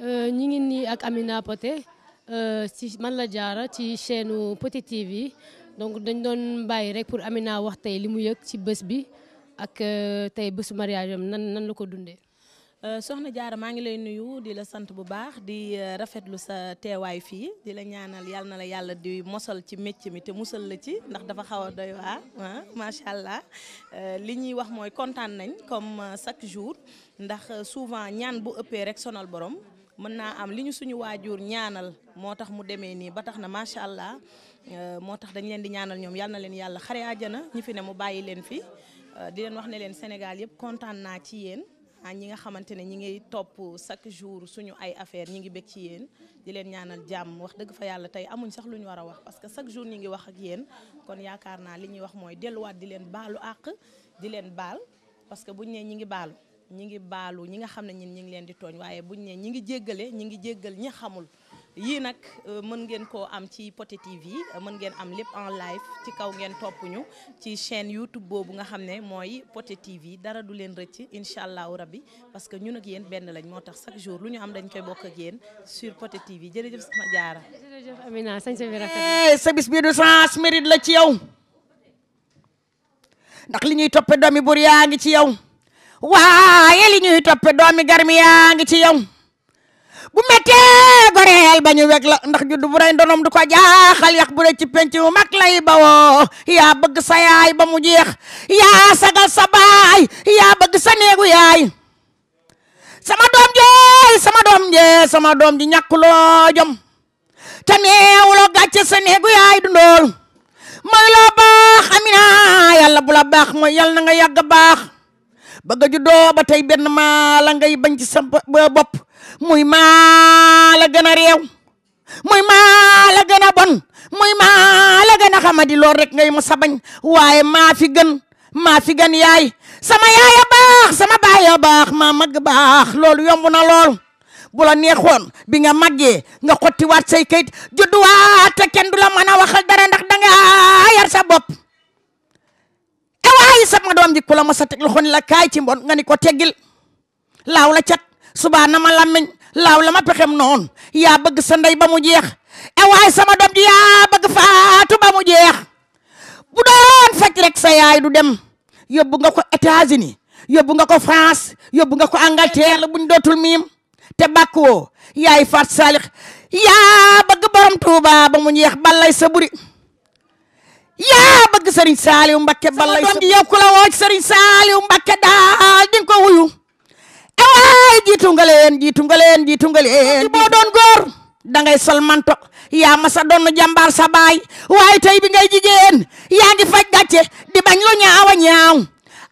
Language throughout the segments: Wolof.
Euh, ñu ngi nii ak Amina Poté euh, ci man la jaara ci chaîne Poté yi donc dañ doon bàyyi rek pour Amina wax tey li mu yëg ci bés bi ak euh, tey bésu mariage am nan nan la ko dundee. soxna jaara maa ngi lay nuyu di la sant bu baax di rafetlu sa teewaay fii di la ñaanal yàlla na la yàlla di mosal ci métier mi te musal la ci ndax dafa xaw a doy waa ah, macha allah li ñuy wax mooy kontaan nañ comme chaque jour ndax souvent ñaan bu ëppee rek sonal borom. mën naa am li ñu suñu waajur ñaanal moo tax mu demee nii ba tax na macha allah euh, moo tax dañ leen di ñaanal ñoom yal na leen yàlla xare àjjana ñi fi ne mu bàyyi leen fi euh, di leen wax ne leen Sénégal yëpp kontaan naa ci yéen ah, ñi nga xamante ne ñi ngi topp chaque jour suñu ay affaire ñi ngi bég ci yéen di leen ñaanal jàmm wax dëgg fa yàlla tey amuñ sax lu ñu war a wax parce que chaque jour ñi ngi wax ak yéen kon yaakaar naa li ñuy wax mooy delluwaat di leen baalu àq di leen baal parce que buñ ne ñi ngi baalu ñi ngi baalu ñi nga xam ne ñin ñi ngi leen di tooñ waaye buñ ne ñi ngi jéggale ñi ngi jéggal ñi xamul yii nag euh, mën ngeen ko am ci Poté yi euh, mën ngeen am lépp en live ci kaw ngeen topp ñu ci chaîne YouTube boobu nga xam ne mooy Poté yi dara du leen rëcc incha allahu rabbi parce que ñun nag yéen benn lañ moo tax chaque jour lu ñu am dañ koy bokk ak yéen sur Poté yi jërëjëf sama jaara. jërëjëf Amina sañ sa bi rafet eh, sa bis bii du sens mérite la ci yow ndax li ñuy toppee doomi buur yaa ngi ci yow. waaye li ñuy toppe doomi garmi ngi ci yow bu méttee goreel ba ñu weg la ndax juddu bu ndonom du ko jaaxal yax bu rey ci penc mu mag lay bawoo yaa bëgg sa yaay ba mu jeex yaa sagal sa baay yaa bëgg sa néegu yaay sama doom jee sama doom jee sama doom ji ñàkkuloo jom te sa néegu yaay dundool mooy loo baax amina yàlla bu la baax mooy yàlla na nga yàgg ba nga juddoo ba tey benn maa la ngay bañ ci sa bopp muy maa la gën a réew muy maa la gën a bon muy maa la gën a xamadi lool rek ngay mos sa bañ waaye maa fi gën maa fi gën yaay sama yaay a baax sama baay a baax maa mag baax loolu yomb na lool bu la neexoon bi nga màggee nga xottiwaat say kayit judduwaat te kenn du la mën a waxal dara ndax danga yar sa bopp te waaye sama doom ji ku la ma sa teg loxo ni la kaay ci mbon nga ni ko teggil laaw la cat subaa na ma làmmiñ laaw la ma pexem noonu yaa bëgg sa ndey ba mu jeex e waaye sama doom ji yaa bëgg faatu ba mu jeex bu doon faj rek sa yaay du dem yóbbu nga ko États-Unis yóbbu nga ko France yóbbu nga ko Angleterre buñ dootul miim te bàkkuwoo yaay faat saalix yaa bëgg borom Tuuba ba mu jeex balay sa buri yaa bëgg Serigne Saliou Mbacké balay sama doom ji yow ku la woo Serigne Saliou daal di ko wuyu ewaay jiitu nga leen jiitu nga leen jiitu boo doon góor dangay sol manto yaa ma sa doon jàmbaar sa baay waaye tey bi ngay jigéen yaa ngi faj gàcce di bañ lu ñaaw ñaaw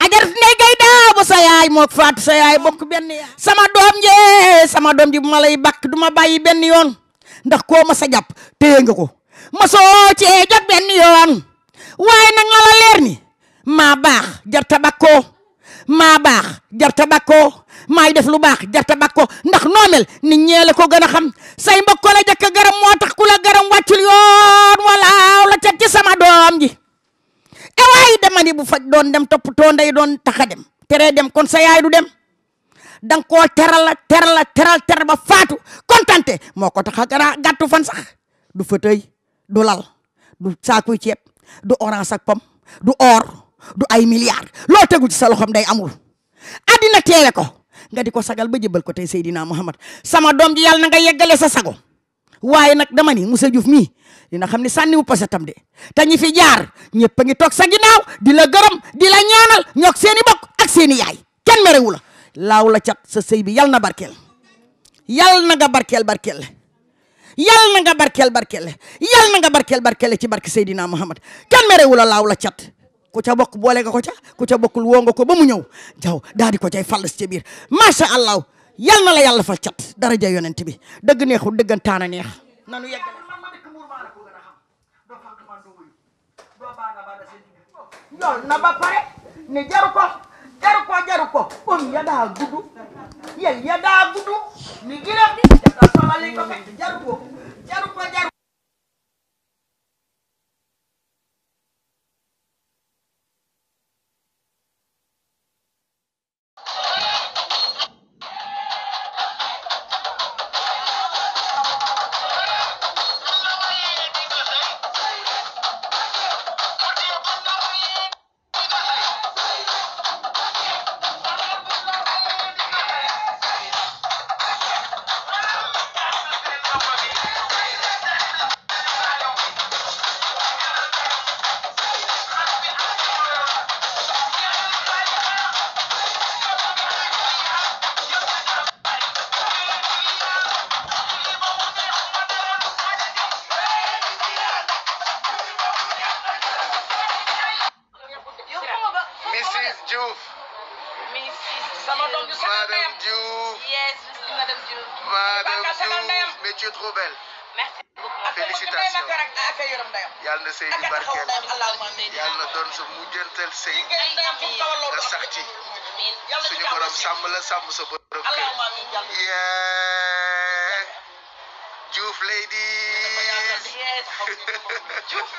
ajar ndey gay daaw ba sa mook faatu sa bokk benn yaa sama doom jee sama doom ji bu ma bakk du ma bàyyi benn yoon ndax ko ma sa jàpp téye ko mosoo cee jot benn yoon waaye nag la la leer ni maa baax jar tabakkoo maa baax jar tabakkoo maay def lu baax jar tabakkoo ndax noo mel nit ñee ko gën a xam say mbokk la garam moo tax kula la garam wàccul yoon walaaw la cat ci sama doom ji e waay dama bu fa doon dem toppatoo nday doon tax dem tere dem kon sa yaay du dem da ko koo teral teral teral teral ba faatu kontante moo ko tax a gàttu fan sax du fa du lal du saakuy ceeb du orange ak pomme du or du ay milliards loo tegu ci sa loxoom day amul. na teewe ko nga di ko sagal ba jëbal ko tey Seydina Muhammad sama doom ji yàlla na nga yeggale sa sago waaye nag dama mu Moussa Diouf mii dina xam ni sànni wu pase tam de te ñi fi jaar ñëpp a ngi toog sa ginnaaw di la gërëm di la ñaanal ñoog seen i bokk ak seen yaay kenn merewu la laaw la cat sa sëy bi yàlla na barkeel yàlla na nga barkeel barkeel. yal na nga barkeel barkeel yal nga barkeel barkeel ci barke Seydina Muhammad kenn merewul a laaw la cat ku ca bokk boole nga ko ca ku ca bokkul woo nga ko ba mu ñëw jaw daa di ko cay fallas ca biir macha allah yal la yàlla fal cat daraja yonent bi dëgg neexul dëggantaana neex nanu yeggale non na jaru ko jaru ko pom ya daa tu es trop belle. merci beaucoup félicitations yal na sëy bi barkeel yal na doon sa mujjantal sëy nga sax ci suñu borom sàmm la sàmm sa borom kër yee Diouf ladies Diouf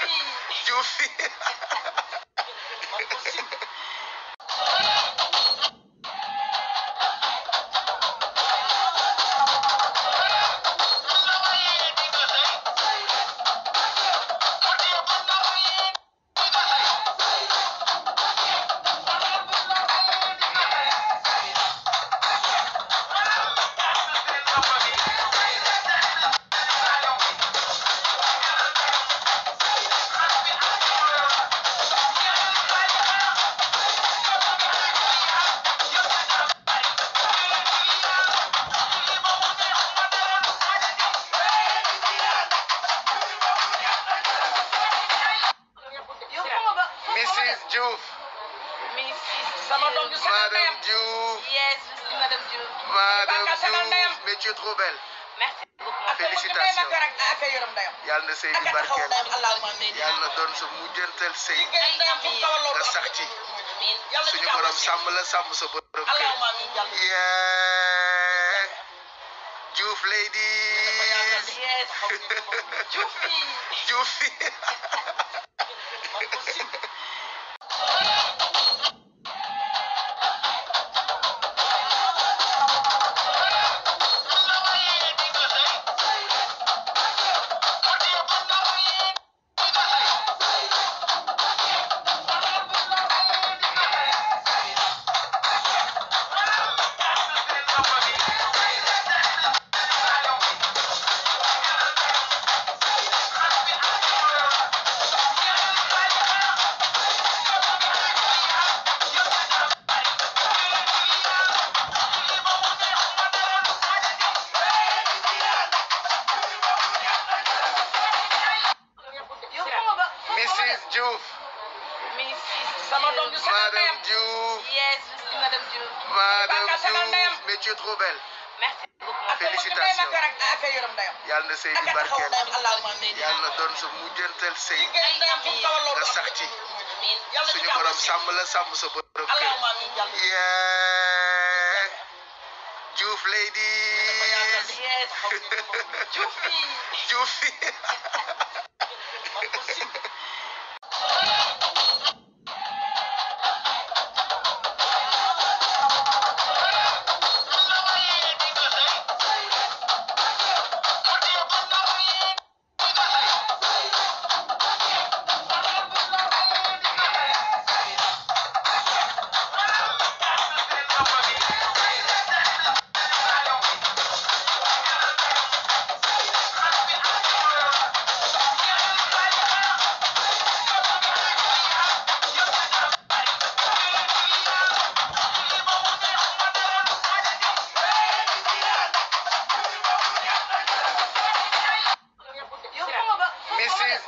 sama doom ju sagal ndeyam yes madame Diouf madame Diouf mais tu es trop belle merci beaucoup félicitations yàlla na sëy bi barkeel yàlla na doon sa mujjantal sëy nga sax ci suñu borom sàmm la sàmm sa borom kër yee Diouf ladies Diouf trop belle. merci beaucoup félicitations yàlla na sëy bi barkeel yàlla na doon sa mujjantal sëy nga sax ci suñu borom sàmm la sàmm sa borom kër yee Diouf ladies Diouf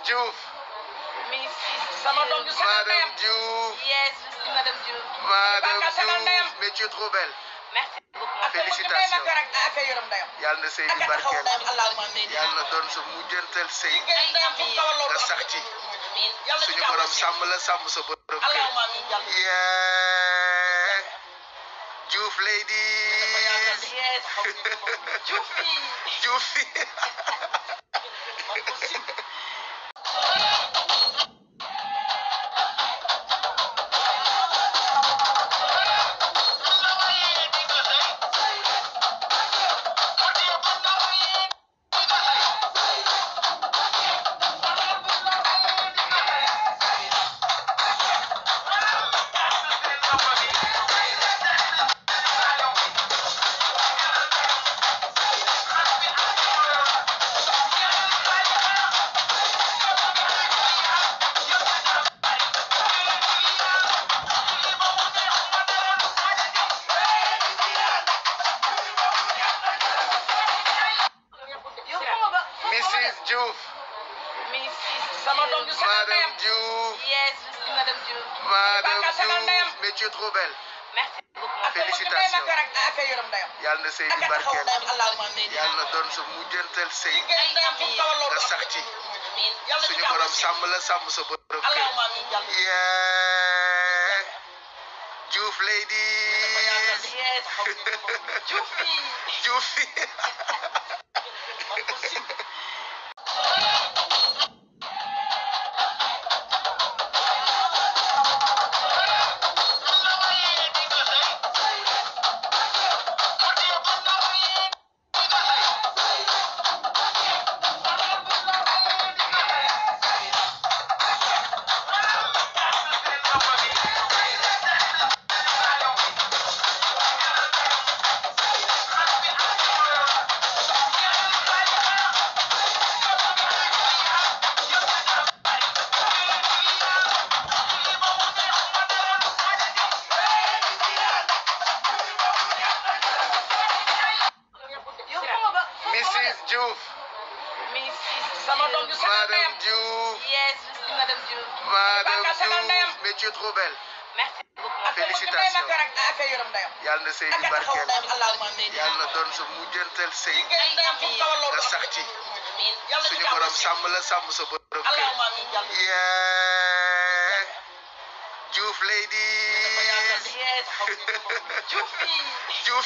Diouf. Miss sama doom ju sama ndeyam madame Diouf. yes madame Diouf. madame Diouf mais tu es trop belle. merci beaucoup félicitations yàlla na sëy bi barkeel yàlla na doon sa mujjantal sëy nga sax ci suñu borom sàmm la sàmm sa borom kër yee Diouf ladies Diouf daam allahumma amiin yàlla doon sa mujjantal sëy nga sax ci suñu borom sàmm la sàmm sa borom kër Diouf. Miss sama doom ju sama ndeyam madame Diouf. yes madame Diouf. madame Diouf mais tu es trop belle. merci beaucoup félicitations yàlla na sëy bi barkeel yàlla na doon sa mujjantal sëy nga sax ci suñu borom sàmm la sàmm sa borom kër yee Diouf ladies Diouf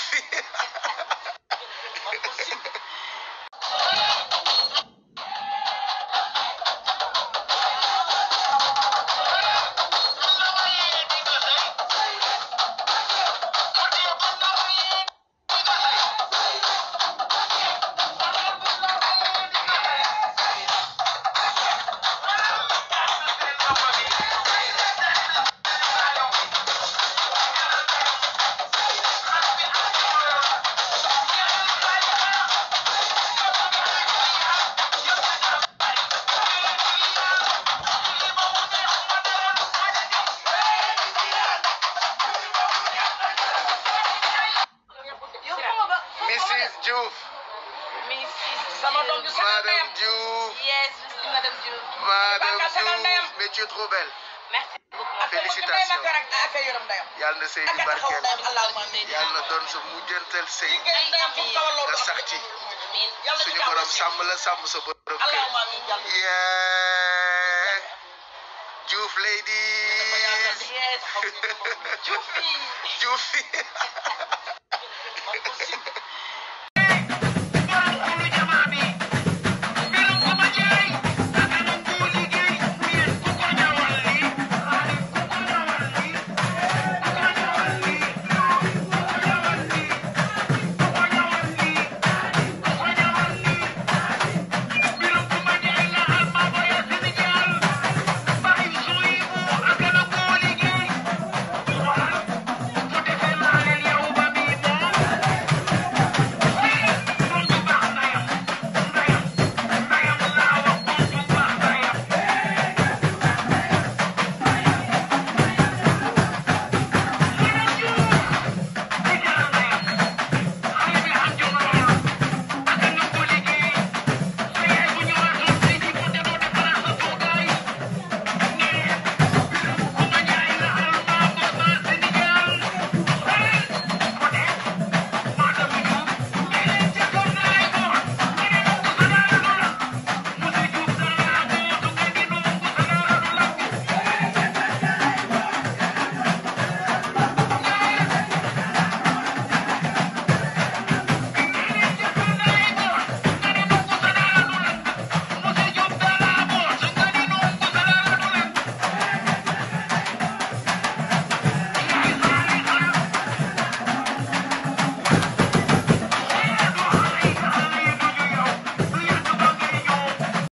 jëkkër ak ak yaram ndeyam yàlla na sëy bi barkeel yàlla na doon sa mujjantal sëy nga sax ci suñu borom sàmm la sàmm sa borom kër yee Diouf lay di Diouf